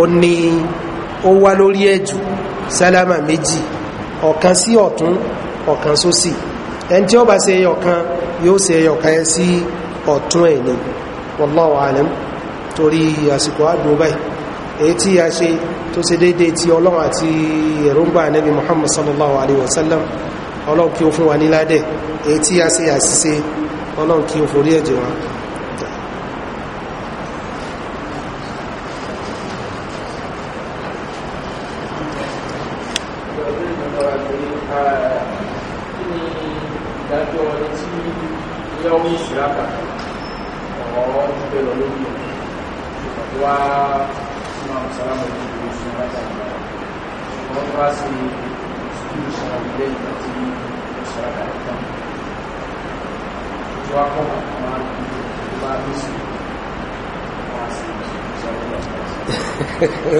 ó ní ó wá lórí ẹ̀jù sálámà méjì ọ̀kan sí ọ̀tún ọ̀kan sósì ẹni tí ó bá ṣe ọ̀kan yóò ṣe ọ̀kan sí ọ̀tún ẹ̀ ni wallahu torí àsìkò àdúgbò báyìí èyí tí a ṣe tó ṣe déédéé ti ọlọ́run àti èròǹgbà ànábì muhammad sallallahu alayhi wa sallam ọlọ́run kí o fún wa níládẹ̀ èyí tí a ṣe àṣìṣe ọlọ́run kí o forí ẹ̀jẹ̀ wa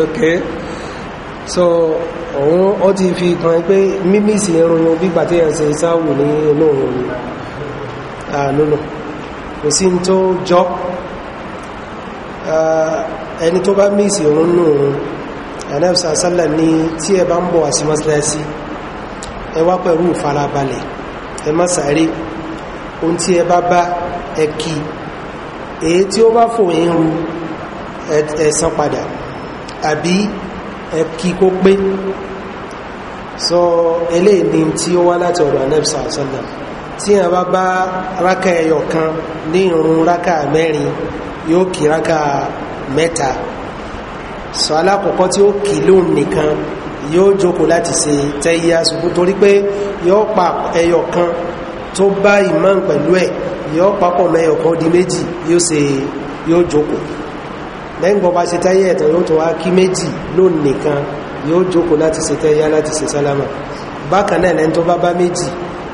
okay so òun ó ti fi kan pé mímísì irun yẹn bí gbàtí ẹ̀ ṣe ní inú òun ni àlólò kò sí tó jọ ẹni tó bá mísì irun nù òun ẹ̀nẹ́fisà sálẹ̀ ní tí ẹ bá ń bọ̀ àti mọ́sílẹ́sí ẹ wá pẹ̀lú ìfarabalẹ̀ ẹ má sáré ohun tí ẹ bá bá ẹ kí èyí tí ó bá fò ń padà àbí ẹ̀kí kó pé so eléyìí ni tí ó wá láti ọ̀dọ̀ anẹ́bìsà àṣẹ́lẹ̀ tí a bá bá rákà ẹyọ kan ní ìrun rákà mẹ́rin yóò kí rákà mẹ́ta so alákọ̀ọ́kọ́ tí ó kí lóun nìkan yóò jókòó láti ṣe tẹ́yà ṣùgbọ́n torí pé yóò pa ẹyọ kan tó bá ìmọ̀ pẹ̀lú ẹ̀ yóò papọ̀ mẹ́yọ di méjì yóò jókòó lẹ́yìn bọ́ bá ṣe táyé ẹ̀tàn yóò tó wá kí méjì lónìí nìkan yóò jókòó láti ṣe táyé láti ṣe sálámà bákan náà lẹ́yìn tó bá bá méjì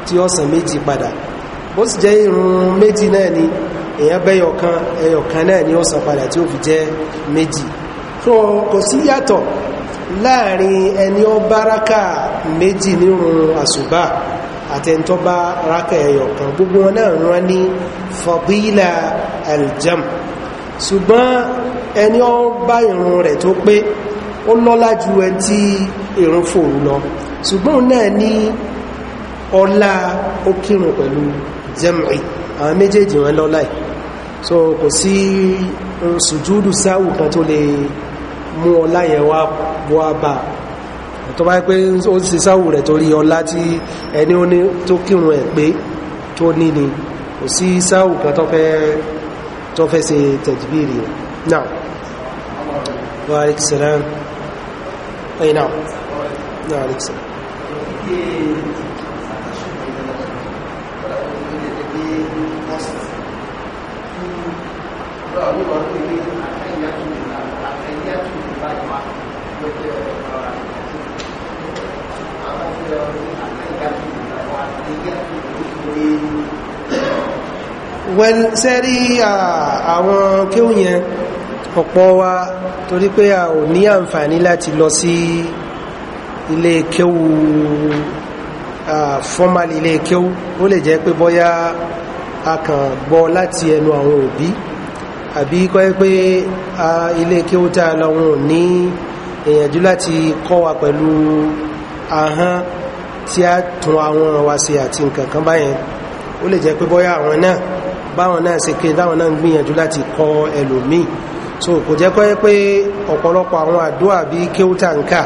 tí ó san méjì padà bó sì jẹ́ irun méjì náà ni èèyàn bẹ́yọ̀ kan ẹyọ̀ kan náà ni ó san padà tí ó fi jẹ́ méjì fún kò sí yàtọ̀ láàrin ẹni ó bá rákà méjì nírun àsùbá àtẹ̀ntọ́ bá rákà ẹyọ̀ gbogbo wọn náà rán ní fadila aljam' ṣùgbọ́n ẹni ọ bá ìrun rẹ̀ tó pé ó lọ́lá ju ẹ tí ìrun fòrú lọ ṣùgbọ́n náà ní ọlá ó kírun pẹ̀lú jẹ́mì àwọn méjèèjì wọn lọ́lá ẹ̀ so kò sí sùjúdù sáwù kan tó lè mú ọlá yẹn wá wá bá tó bá pé ó ti sáwù rẹ̀ torí ọlá tí ẹni tó kírun ẹ̀ pé tó ní ni kò sí sáwù kan tó fẹ́ẹ́ tó fẹ́ ṣe tẹ̀jìbìrì rẹ̀ náà wa alaikum salam ẹ̀yìn náà náà alaikum wẹ́n sẹ́rí àwọn kéwù yẹn ọ̀pọ̀ wa torí pé a ò ní àǹfààní láti lọ sí ilé kéwù formal ilé kéwù ó lè jẹ́ pé bóyá a kàn gbọ́ láti ẹnu àwọn òbí àbí kọ́ pé ilé kéwù tá a lọ wọn ò ní ìyànjú láti kọ́ wa pẹ̀lú ahọ́n tí a tún àwọn wa ṣe àti nǹkan kan báyẹn ó lè jẹ́ pé bóyá àwọn náà báwọn náà ṣe ké dáwọn náà ń gbìyànjú láti kọ ẹlòmíì so kò jẹ́ pẹ́ pé ọ̀pọ̀lọpọ̀ àwọn àdúrà bí kéwútà ń kà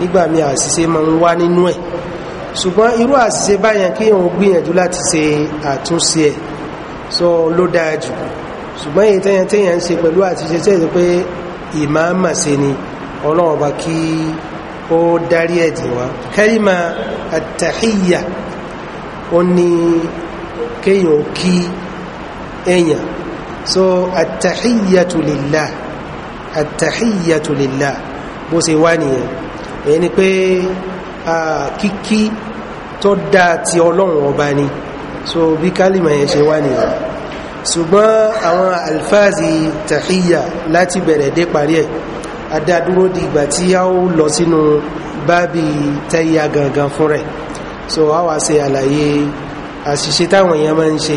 nígbà mi àṣìṣe máa ń wá nínú ẹ̀ ṣùgbọ́n irú àṣìṣe báyẹn kí òun gbìyànjú láti ṣe àtúnṣe ẹ̀ so ló dáa jù ṣùgbọ́n èyí tẹ́yẹn tẹ́yẹn ń ṣe pẹ̀lú àṣìṣe tẹ́yẹ pé ìmáàmà ṣe ni ọlọ́run kí ó darí ẹ̀dì wá kẹ́rìmà àtàhíyà ó ní kéèyàn kí èèyàn so àtàhíyàtù lillah àtàhíyàtù lillah bó ṣe wá nìyẹn èyí ni pé kíkí tó dáa ti ọlọ́run ọba ni so bí kálìmọ̀ yẹn ṣe wá nìyẹn ṣùgbọ́n àwọn alfáàzì tàhíyà láti bẹ̀rẹ̀ dé parí ẹ̀ adádúró di ìgbà tí a ó lọ sínú bábí tẹ́yà gangan fún rẹ̀ so a wá ṣe àlàyé àṣìṣe táwọn èèyàn máa ń ṣe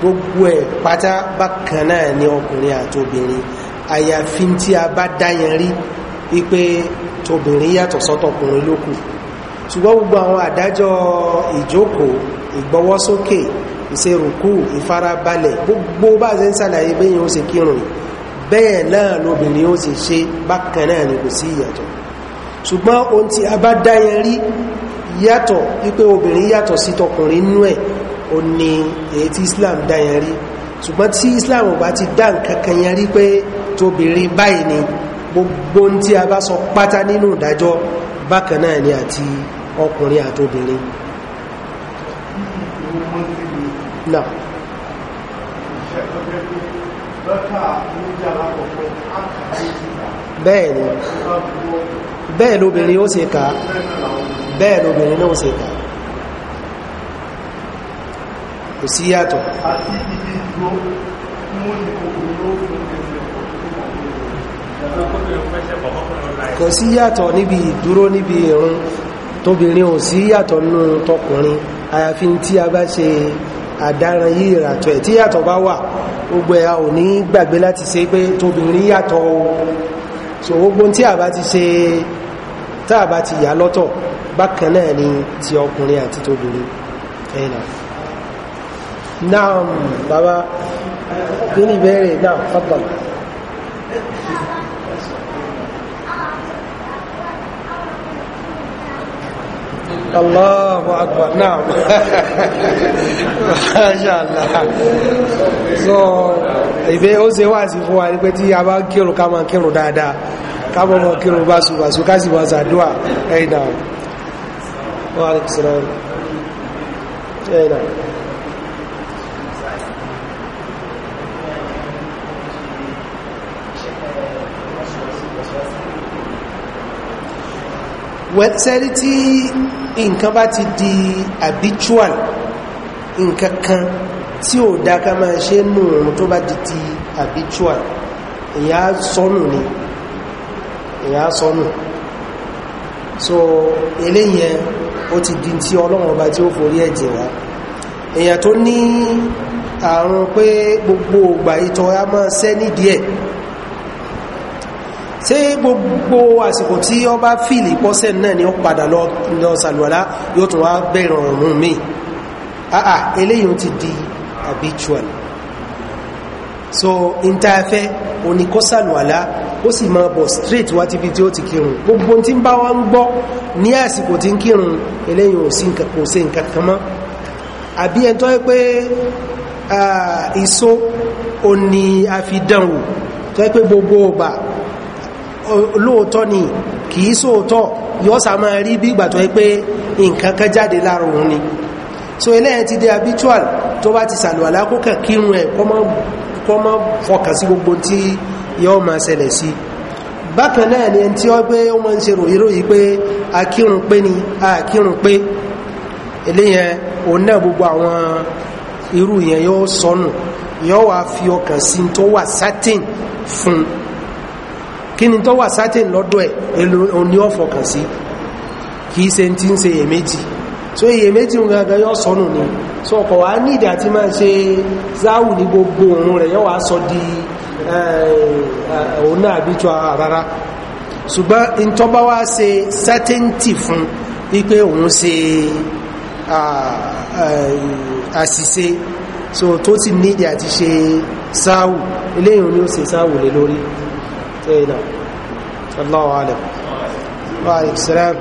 gbogbo ẹ̀ pátá bákan náà ni ọkùnrin àti obìnrin àyàfi tí a bá dáyẹn rí wípé tóbìnrin yàtọ̀ sọ́tọ̀kùnrin ló kù ṣùgbọ́n gbogbo àwọn àdájọ́ ìjókòó ìgbọ́wọ́sókè ìṣerùkú ìfarabalẹ̀ gbogbo bá ṣe ń ṣàlàyé bẹ́yìn ó ṣe kírun bẹ́ẹ̀ náà lóbìnrin ó ṣe ṣe bákan náà ni kò sí ìyàtọ̀ ṣùgbọ́n ohun tí a bá dáyẹn rí yàtọ̀ wípé obìnrin yàtọ̀ sí tọkùnrin nú ẹ̀ ó ní èyí tí islam dá yẹn rí ṣùgbọ́n tí islam ò bá ti dá nǹkan kan yẹn rí pé tóbìnrin báyìí ni gbogbo ohun tí a bá sọ pátá nínú ìdájọ́ bákan náà ni àti ọkùnrin àtobìnrin náà bẹ́ẹ̀ ni bẹ́ẹ̀ lóbìnrin ó ṣe kà bẹ́ẹ̀ lóbìnrin náà ó ṣe kà kò sí yàtọ̀ kò sí yàtọ̀ níbi ìdúró níbi ìrun tóbìnrin ò sí yàtọ̀ nínú tọkùnrin àyàfi tí a bá ṣe àdáran yìí ìràtọ̀ ẹ̀ tí yàtọ̀ bá wà gbogbo ẹ̀ ò ní gbàgbé láti ṣe pé tóbìnrin yàtọ̀ o so gbogbo tí a bá ti ṣe tá a bá ti yà lọ́tọ̀ bákan ni ti ọkùnrin àti tóbìnrin ẹ̀nà naam bàbá kí ni ìbéèrè náà fọ́tọ̀ Allahu akbar naam [LAUGHS] mashallah so ìbé ó ṣe wá sí fún wa ní pé tí a bá kírun ká máa kírun dáadáa ká mọ́ mọ́ kírun bá sùn bá sùn ká sì wá sàdúà ẹ̀yìn náà wọ́n á lè fi sọ́rọ̀ ẹ̀yìn náà sẹ́rí tí nǹkan bá ti di habitual nǹkan kan tí ò dá ká máa ṣe nù ohun tó bá di ti habitual èyàn á sọnù ni èyàn á so eléyẹn ó ti di tí ọlọ́run ọba tí ó forí ẹ̀jẹ̀ wá èyàn tó ní àrùn pé gbogbo ògbà ìtọ̀ máa sẹ́ nídìí ẹ̀ ṣé gbogbo àsìkò tí ó bá fìlì pọ́sẹ̀ náà ni ó padà lọ lọ sàlùwàlá yóò tún wá bẹ̀rẹ̀ ọ̀run mi àà eléyìí ti di habitual so intaafẹ́ oníkó sàlùwàlá ó sì máa bọ̀ straight wá tíbi tí ó ti kírun gbogbo tí ń bá wá ń gbọ́ ní àsìkò tí ń kírun eléyìí ò sí nǹkan kan mọ́ àbí ẹ̀ntọ́ pé ìso òní àfidánwò tó yẹ pé gbogbo ọba lóòótọ́ ni kìí sóòótọ́ yọ́ sá máa rí bí ìgbà tó yẹ pé nǹkan kan jáde lára òun ni so eléyẹn ti di habitual tó bá ti sàlùwàlá kó kàn kírun ẹ̀ kó má fọkàn sí gbogbo tí yọ́ máa ṣẹlẹ̀ sí bákan náà ni ẹni tí ó gbé ó máa ń ṣe ròyìn ròyìn pé akírun pé ni akírun pé eléyẹn òun náà gbogbo àwọn irú yẹn yóò sọnù yóò wá fi ọkàn sí tó wà certain fún un kí ni tó wà sátẹ̀ lọ́dọ̀ ẹ̀ èlò òní ọ̀fọ̀kàn sí kìí ṣe ti ń ṣe èméjì so èméjì ń gangan yọ sọnù ni so ọkọ̀ wá ní ìdí àti máa ṣe záwù ní gbogbo òun rẹ̀ yọ wá sọ di eh, eh, òun náà bí tó rárá ṣùgbọ́n ìtọ́bá wá ṣe sátẹ́ǹtì fún wípé òun ṣe eh, àṣìṣe so tó sì ní ìdí àti ṣe záwù eléyìí ni ó ṣe záwù lórí اي نعم الله اعلم وعليكم السلام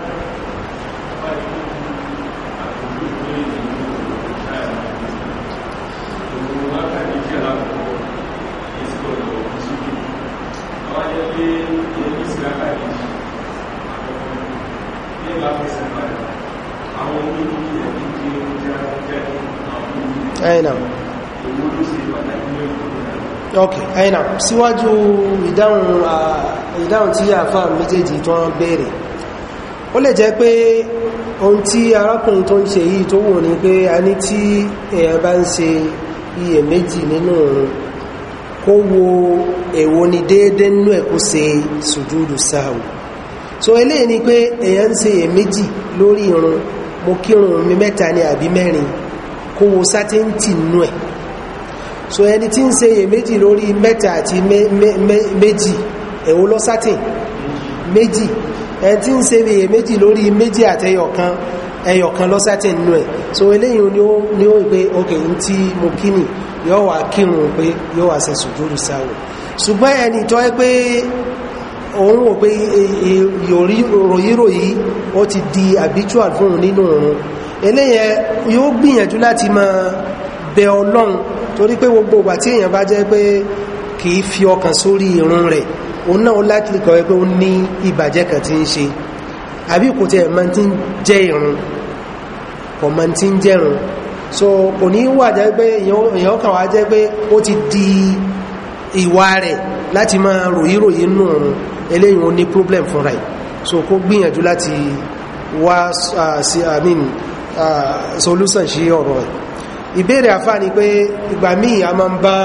ẹ̀nà síwájú ìdáhùn tí àfà méjèèjì tó ń béèrè ó lè jẹ́ pé ohun tí arákùnrin tó ń ṣe yìí tó wù ní pé a ní tí èèyàn bá ń ṣe iyèméjì nínú òun kó wo èwo ni déédé nínú ẹ̀ kó ṣe sáàwù so eléyìí ni pé èèyàn ń ṣe iyèméjì lórí irun mo kírun mi mẹ́ta ni àbí mẹ́rin kó wo sátẹ́ǹtì nínú ẹ̀ so ẹni tí ń ṣe iyèméjì lórí mẹ́ta àti méjì èwo ló sátìn méjì ẹni tí ń ṣe iyèméjì lórí méjì àti ẹyọkan ẹyọkan ló sátìn nínú ẹ̀ so eléyìí ni ó ni ó pé ok n tí mo kí ni yóò wá kírun pé yóò wá ṣe sùjúdù sáwò ṣùgbọ́n ẹni tó ẹ pé òun wò pé e, e, ròyíròyí ó ti di habitual fún un nínú òun eléyẹn yóò gbìyànjú láti máa bẹ ọlọ́run torí pé gbogbo ìgbà tí èèyàn bá jẹ́ pé kì í fi ọkàn sórí irun rẹ̀ òun náà láti kọ̀ pé ó ní ìbàjẹ́ kan tí ń ṣe àbí kò tiẹ̀ máa ti ń jẹ́ irun kò máa ti ń jẹ́ irun so kò ní wà jẹ́ pé èèyàn kàn wá jẹ́ pé ó ti di ìwà rẹ̀ láti máa ròyìnròyìn nù ọ̀run eléyìí ó ní problem fúnra ẹ̀ so kó gbìyànjú láti wá sí àmì solution sí ọ̀rọ̀ ẹ̀ ìbéèrè àfá ni pé ìgbà míì a máa ń bá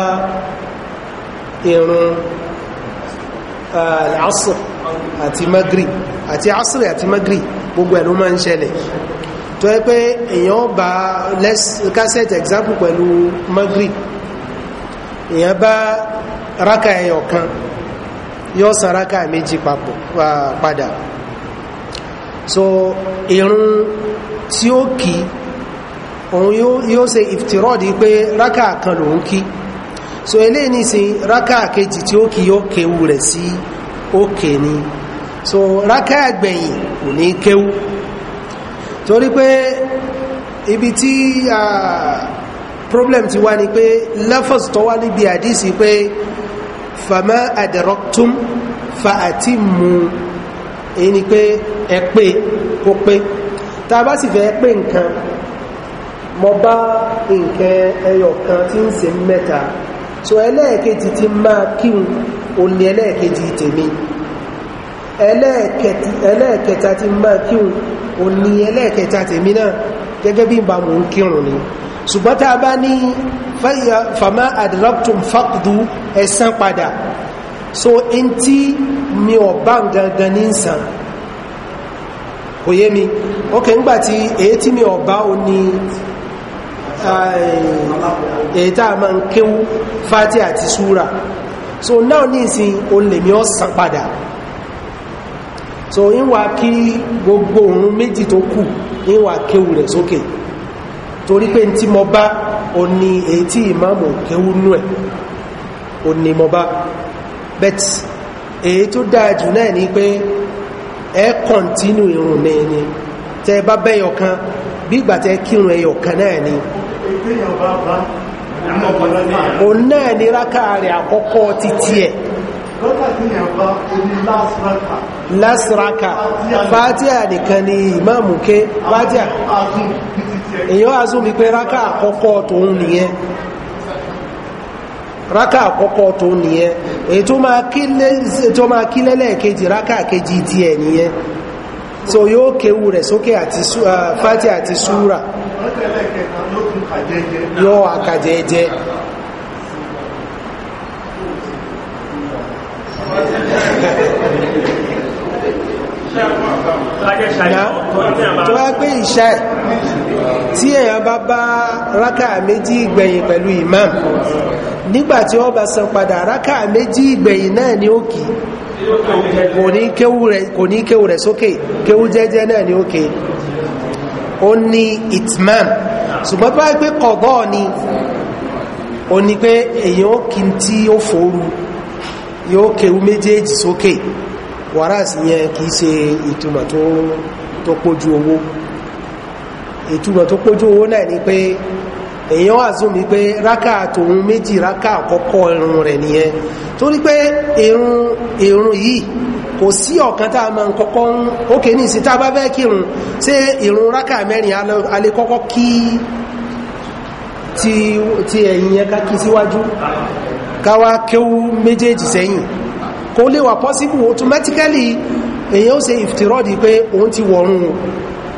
irun asr àti magri àti asr àti magri gbogbo ẹ̀ ló máa ń ṣẹlẹ̀ tó yẹ pé èèyàn bá cassette example pẹ̀lú magri èèyàn bá raka ẹyọ kan yóò san raka méjì papọ̀ padà so irun tí ó kìí òun yóò ṣe ìfìtìrọ́ọ̀dì pé rákà kan lòun kí so eléyìí nísìn rákà kejì tí ó kí yóò kéwu rẹ̀ sí òkè ni so rákà gbẹ̀yìn kò ní kéwu torí pé ibi tí problem ti wá ni pé lafaz tó wá níbi àdísì pé fama adaroktum fa àtìmù èyí ni pé ẹ pé kó pé tá a bá sì fẹ́ pé nǹkan mo nke nǹkan ẹyọ kan tí ń se mẹ́ta so ẹlẹ́ẹ̀kejì ti máa kíhun òun ni ẹlẹ́ẹ̀kejì tèmi ẹlẹ́ẹ̀kẹta ti máa kíhun òun ni ẹlẹ́ẹ̀kẹta tèmi náà gẹ́gẹ́ bí n bá mò ń kírun ni ṣùgbọ́n tá a bá ní fama adraktum faqdu ẹ̀san padà so n tí mi ò bá gangan ní sàn kò yé mi ok ńgbà èyí tí mi ò bá o ní èyí tá a máa ń kéwú fati àti súra so náà ní ìsìn òun lèmi ọ̀sán padà so ń wá kí gbogbo òun méjì tó kù ń wá kéwú rẹ̀ sókè torí pé tí mo bá o ní èyí tí ìmáàmù kéwú nú ẹ̀ o ní mo bá bet èyí tó dáa jù náà ni pé ẹ kọ̀ntínú irun mi ni tẹ bá bẹ́yọ̀ kan bí ìgbà tẹ kírun ẹyọ̀ kan náà ni òun náà ní rákà rẹ̀ àkọ́kọ́ títí ẹ̀ lásìráka fàtíà nìkan ni ìmáàmù ké fàtíà èyàn azúmi pé rákà àkọ́kọ́ tòun nìyẹn rákà àkọ́kọ́ tó nìyẹn èyí tó máa kí lẹ́lẹ́ẹ̀kejì rákà kejì tí ẹ̀ nìyẹn so yóò kéwú rẹ̀ sókè àti uh, fàtí àti súra yóò wá jẹ́jẹ́ pé tí bá méjì ìgbẹ̀yìn pẹ̀lú imam nígbàtí bá padà rákà méjì ìgbẹ̀yìn náà ni kò ní kéwù rẹ̀ sókè kéwù ó kè ó ní ṣùgbọ́n bá pé kọ̀bọ́ ni o ní pé èyàn ó kí tí ó fòoru yóò kéwú méjèèjì sókè wàrás yẹn kìí ṣe ìtumọ̀ tó pójú owó ìtumọ̀ tó pójú owó náà ni pé èyàn wà zoomi pé rákà tòun méjì rákà àkọ́kọ́ irun rẹ̀ nìyẹn torí pé irun yìí kò sí ọ̀kan tá a máa kọ́kọ́ ń ókè ní ìsìn tá a bá fẹ́ kírun ti ẹ̀yìn yẹn kí síwájú káwá kéwú méjèèjì sẹ́yìn kó lè wà possible automatically èyàn ó ìfìtìrọ́dì pé òun ti wọ̀run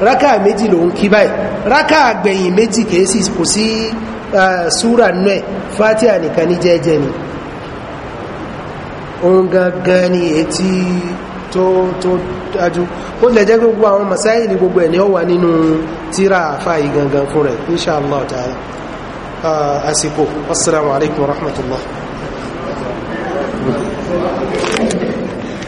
rákà méjì lòun kí báyìí rákà àgbẹ̀yìn méjì kèésì kò sí eh, súrà nù fátíà nìkan ní ni. òun gangan ni ètí tó tó dájú ó lè jẹ́ gbogbo àwọn masáyì ní gbogbo ẹ̀ ni ó wà nínú tíra àfáàyí gangan fún rẹ̀ inṣàlá ta'ala ah, àsìkò assalamu alaikum warahmatullah